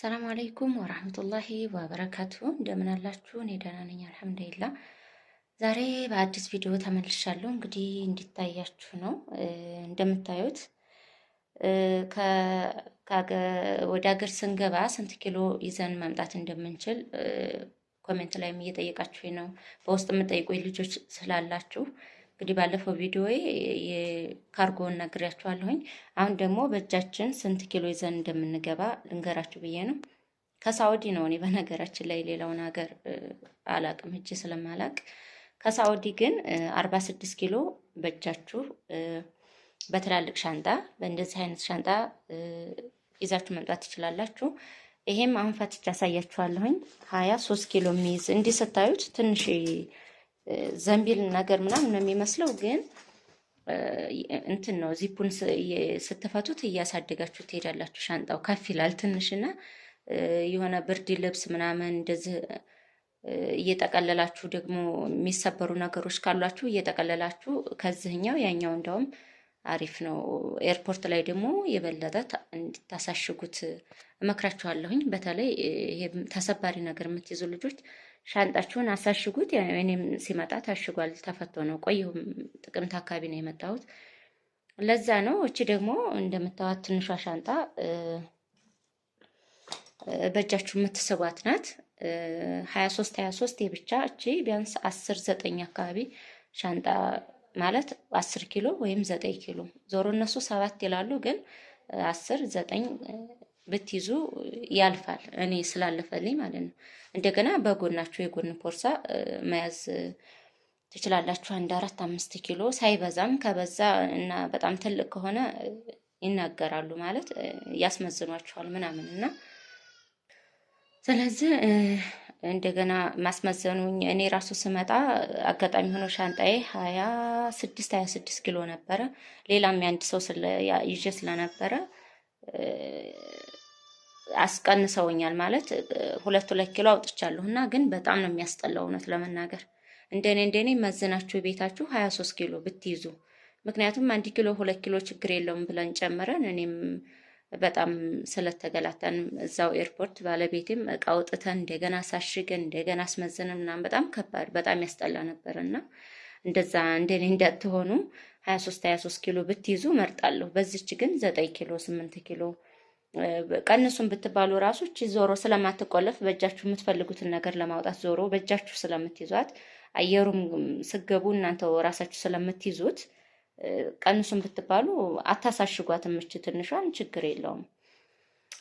ሰላም አለይኩም ወራህመቱላሂ ወበረካቱ። እንደምን አላችሁ? እኔ ደህና ነኝ አልሐምዱሊላህ። ዛሬ በአዲስ ቪዲዮ ተመልሻለሁ። እንግዲህ እንዲታያችሁ ነው። እንደምታዩት ወደ ሀገር ስንገባ ስንት ኪሎ ይዘን መምጣት እንደምንችል ኮሜንት ላይም እየጠየቃችሁ ነው። በውስጥ የምጠይቁ ልጆች ስላላችሁ እንግዲህ ባለፈው ቪዲዮ የካርጎን ነግሪያችኋለሁኝ። አሁን ደግሞ በእጃችን ስንት ኪሎ ይዘን እንደምንገባ ልንገራችሁ ብዬ ነው። ከሳውዲ ነው እኔ በነገራችን ላይ ሌላውን ሀገር አላቅም እጅ ስለማላቅ ከሳውዲ ግን አርባ ስድስት ኪሎ በእጃችሁ በትላልቅ ሻንጣ በእንደዚህ አይነት ሻንጣ ይዛችሁ መምጣት ትችላላችሁ። ይሄም አሁን ፈትቼ አሳያችኋለሁኝ ሀያ ሶስት ኪሎ የሚይዝ እንዲህ ስታዩት ትንሽ ዘንቢል ነገር ምናምን ነው የሚመስለው ግን እንትን ነው። ዚፑን ስትፈቱት እያሳደጋችሁ ትሄዳላችሁ። ሻንጣው ከፍ ይላል ትንሽና የሆነ ብርድ ልብስ ምናምን እንደዚህ እየጠቀለላችሁ ደግሞ የሚሰበሩ ነገሮች ካሏችሁ እየጠቀለላችሁ ከዚህኛው ያኛው እንደውም አሪፍ ነው። ኤርፖርት ላይ ደግሞ የበለጠ እንድታሳሽጉት እመክራችኋለሁኝ። በተለይ ይሄ ተሰባሪ ነገር የምትይዙ ልጆች ሻንጣችሁን አሳሽጉት። እኔም ሲመጣ ታሽጓል፣ ተፈቶ ነው። ቆየሁም ጥቅምት አካባቢ ነው የመጣሁት። ለዛ ነው። እቺ ደግሞ እንደምታዋት ትንሿ ሻንጣ በእጃችሁ የምትስቧት ናት። ሀያ ሶስት ሀያ ሶስት የብቻ እቺ ቢያንስ አስር ዘጠኝ አካባቢ ሻንጣ ማለት አስር ኪሎ ወይም ዘጠኝ ኪሎ ዞሮ እነሱ ሰባት ይላሉ፣ ግን አስር ዘጠኝ ብትይዙ ያልፋል። እኔ ስላለፈልኝ ማለት ነው። እንደገና በጎናችሁ የጎን ቦርሳ መያዝ ትችላላችሁ። አንድ አራት አምስት ኪሎ ሳይበዛም፣ ከበዛ እና በጣም ትልቅ ከሆነ ይናገራሉ ማለት ያስመዝኗችኋል ምናምን እና ስለዚህ እንደገና ማስመዘኑኝ እኔ ራሱ ስመጣ አጋጣሚ ሆኖ ሻንጣዬ ሀያ ስድስት ሀያ ስድስት ኪሎ ነበረ። ሌላም የአንድ ሰው ይዤ ስለነበረ አስቀንሰውኛል ማለት ሁለት ሁለት ኪሎ አውጥቻለሁ እና ግን በጣም ነው የሚያስጠላው እውነት ለመናገር እንደኔ እንደኔ መዝናችሁ ቤታችሁ ሀያ ሶስት ኪሎ ብትይዙ ምክንያቱም አንድ ኪሎ ሁለት ኪሎ ችግር የለውም ብለን ጨምረን እኔም በጣም ስለተገላታን እዛው ኤርፖርት ባለቤቴም እቃ አውጥተን እንደገና ሳሽገን እንደገና አስመዘንን ምናምን በጣም ከባድ በጣም ያስጠላ ነበር እና እንደዛ እንደኔ እንዳትሆኑ ሀያ ሶስት ሀያ ሶስት ኪሎ ብትይዙ መርጣለሁ። በዚች ግን ዘጠኝ ኪሎ ስምንት ኪሎ ቀንሱን ብትባሉ ራሱ እቺ ዞሮ ስለማትቆለፍ በእጃችሁ የምትፈልጉትን ነገር ለማውጣት ዞሮ በእጃችሁ ስለምትይዟት አየሩም ስገቡ እናንተ ራሳችሁ ስለምትይዙት ቀንሱን ብትባሉ አታሳሽጓት። ምች ትንሿን ችግር የለውም።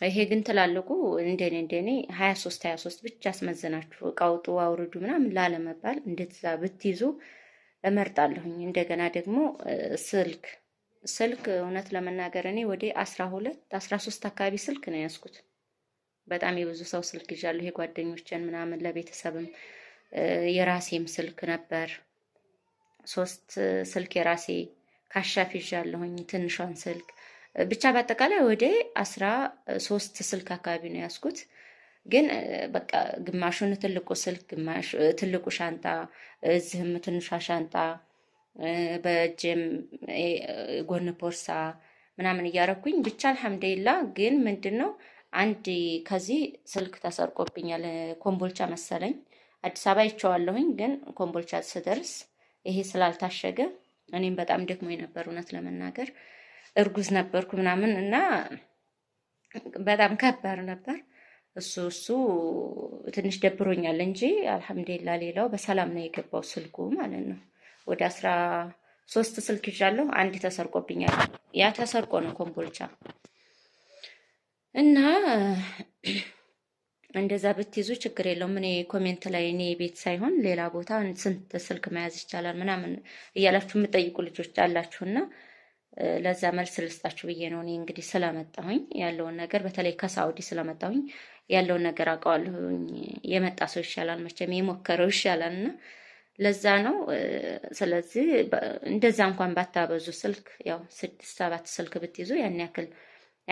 ይሄ ግን ትላልቁ እንደኔ እንደኔ ሀያ ሶስት ሀያ ሶስት ብቻ አስመዝናችሁ እቃ ውጡ አውርዱ ምናምን ላለመባል እንደዛ ብትይዙ እመርጣለሁኝ። እንደገና ደግሞ ስልክ ስልክ እውነት ለመናገር እኔ ወደ አስራ ሁለት አስራ ሶስት አካባቢ ስልክ ነው ያዝኩት። በጣም የብዙ ሰው ስልክ ይዣለሁ፣ የጓደኞችን ምናምን፣ ለቤተሰብም የራሴም ስልክ ነበር። ሶስት ስልክ የራሴ ካሻፍ ይዣለሁኝ፣ ትንሿን ስልክ ብቻ። በአጠቃላይ ወደ አስራ ሶስት ስልክ አካባቢ ነው ያዝኩት። ግን በቃ ግማሹን ትልቁ ስልክ፣ ግማሹ ትልቁ ሻንጣ፣ እዚህም ትንሿ ሻንጣ በእጅም ጎን ቦርሳ ምናምን እያረኩኝ ብቻ አልሐምዱሊላ። ግን ምንድን ነው አንድ ከዚህ ስልክ ተሰርቆብኛል። ኮምቦልቻ መሰለኝ አዲስ አበባ ይቸዋለሁኝ፣ ግን ኮምቦልቻ ስደርስ ይሄ ስላልታሸገ እኔም በጣም ደክሞኝ ነበር እውነት ለመናገር እርጉዝ ነበርኩ ምናምን እና በጣም ከባድ ነበር። እሱ እሱ ትንሽ ደብሮኛል እንጂ አልሐምዱሊላ ሌላው በሰላም ነው የገባው ስልኩ ማለት ነው። ወደ አስራ ሶስት ስልክ ይዣለሁ። አንድ ተሰርቆብኛል። ያ ተሰርቆ ነው ኮምቦልቻ እና እንደዛ ብትይዙ ችግር የለውም። እኔ ኮሜንት ላይ እኔ ቤት ሳይሆን ሌላ ቦታ ስንት ስልክ መያዝ ይቻላል ምናምን እያላችሁ የምጠይቁ ልጆች አላችሁና ለዛ መልስ ልስጣችሁ ብዬ ነው። እኔ እንግዲህ ስለመጣሁኝ ያለውን ነገር በተለይ ከሳውዲ ስለመጣሁኝ ያለውን ነገር አውቀዋለሁኝ። የመጣ ሰው ይሻላል መቼም የሞከረው ይሻላል እና ለዛ ነው። ስለዚህ እንደዛ እንኳን ባታበዙ ስልክ ያው ስድስት ሰባት ስልክ ብትይዙ ያን ያክል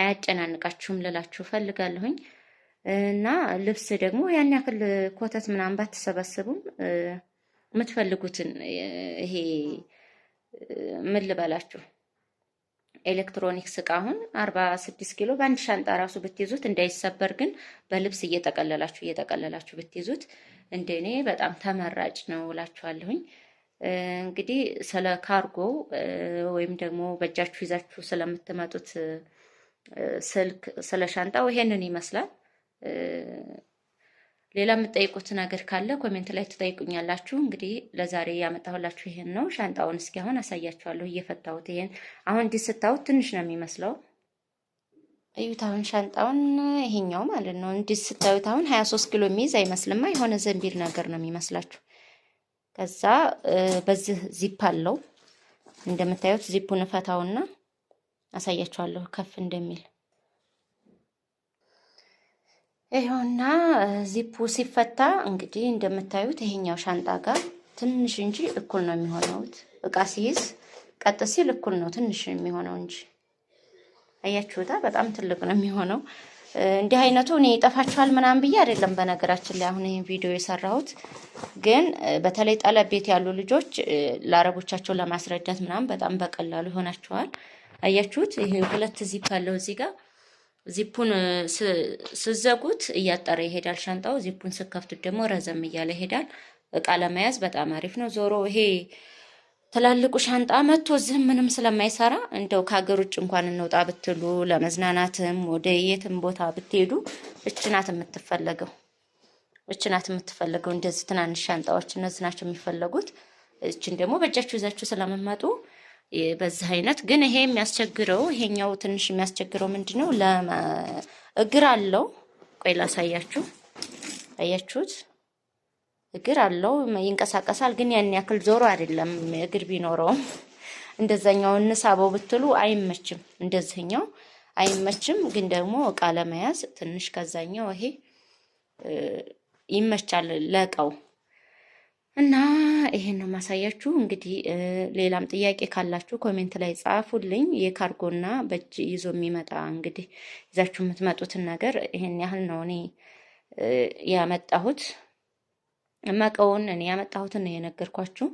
አያጨናንቃችሁም ልላችሁ ፈልጋለሁኝ። እና ልብስ ደግሞ ያን ያክል ኮተት ምናምን ባትሰበስቡም የምትፈልጉትን ይሄ ምን ልበላችሁ ኤሌክትሮኒክስ እቃ አሁን አርባ ስድስት ኪሎ በአንድ ሻንጣ ራሱ ብትይዙት እንዳይሰበር ግን በልብስ እየጠቀለላችሁ እየጠቀለላችሁ ብትይዙት እንደኔ በጣም ተመራጭ ነው እላችኋለሁኝ። እንግዲህ ስለ ካርጎ ወይም ደግሞ በእጃችሁ ይዛችሁ ስለምትመጡት ስልክ ስለ ሻንጣው ይሄንን ይመስላል። ሌላ የምትጠይቁት ነገር ካለ ኮሜንት ላይ ትጠይቁኛላችሁ። እንግዲህ ለዛሬ ያመጣሁላችሁ ይሄን ነው። ሻንጣውን እስኪ አሁን አሳያችኋለሁ እየፈታሁት። ይሄን አሁን እንዲህ ስታዩት ትንሽ ነው የሚመስለው እዩት አሁን ሻንጣውን ይሄኛው ማለት ነው። እንዲህ ስታዩት አሁን 23 ኪሎ የሚይዝ አይመስልማ። የሆነ ዘንቢል ነገር ነው የሚመስላችሁ። ከዛ በዚህ ዚፕ አለው እንደምታዩት። ዚፑን እፈታውና አሳያችኋለሁ ከፍ እንደሚል ይኸውና። ዚፑ ሲፈታ እንግዲህ እንደምታዩት ይሄኛው ሻንጣ ጋር ትንሽ እንጂ እኩል ነው የሚሆነው። እቃ ሲይዝ ቀጥ ሲል እኩል ነው ትንሽ የሚሆነው እንጂ አያችሁታ? በጣም ትልቅ ነው የሚሆነው። እንዲህ አይነቱ እኔ ይጠፋችኋል ምናምን ብዬ አይደለም። በነገራችን ላይ አሁን ይህን ቪዲዮ የሰራሁት ግን በተለይ ጠለብ ቤት ያሉ ልጆች ለአረቦቻቸው ለማስረዳት ምናምን በጣም በቀላሉ ይሆናቸዋል። አያችሁት? ይሄ ሁለት ዚፕ አለው እዚህ ጋር ዚፑን ስዘጉት እያጠረ ይሄዳል ሻንጣው። ዚፑን ስከፍቱት ደግሞ ረዘም እያለ ይሄዳል። እቃ ለመያዝ በጣም አሪፍ ነው። ዞሮ ይሄ ትላልቁ ሻንጣ መጥቶ እዚህም ምንም ስለማይሰራ እንደው ከሀገር ውጭ እንኳን እንውጣ ብትሉ ለመዝናናትም ወደ የትም ቦታ ብትሄዱ እችናት የምትፈለገው። እችናት የምትፈለገው። እንደዚህ ትናንሽ ሻንጣዎች እነዚህ ናቸው የሚፈለጉት። እችን ደግሞ በእጃችሁ ይዛችሁ ስለምመጡ በዚህ አይነት ግን ይሄ የሚያስቸግረው ይሄኛው ትንሽ የሚያስቸግረው ምንድን ነው? ለእግር አለው። ቆይ ላሳያችሁ። አያችሁት? እግር አለው ይንቀሳቀሳል፣ ግን ያን ያክል ዞሮ አይደለም። እግር ቢኖረውም እንደዛኛው እንሳበው ብትሉ አይመችም፣ እንደዚህኛው አይመችም። ግን ደግሞ እቃ ለመያዝ ትንሽ ከዛኛው ይሄ ይመቻል ለቀው እና ይሄን ነው ማሳያችሁ። እንግዲህ ሌላም ጥያቄ ካላችሁ ኮሜንት ላይ ጻፉልኝ። የካርጎና በእጅ ይዞ የሚመጣ እንግዲህ ይዛችሁ የምትመጡትን ነገር ይሄን ያህል ነው እኔ ያመጣሁት። መቀውን እኔ ያመጣሁትን ነው የነገርኳችሁ።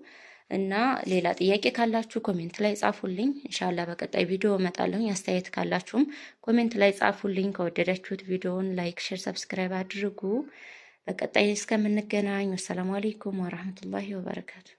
እና ሌላ ጥያቄ ካላችሁ ኮሜንት ላይ ጻፉልኝ። እንሻላ በቀጣይ ቪዲዮ እመጣለሁኝ። አስተያየት ካላችሁም ኮሜንት ላይ ጻፉልኝ። ከወደዳችሁት ቪዲዮውን ላይክ፣ ሼር፣ ሰብስክራይብ አድርጉ። በቀጣይ እስከምንገናኝ ወሰላሙ አሌይኩም ወረህመቱላሂ ወበረካቱ።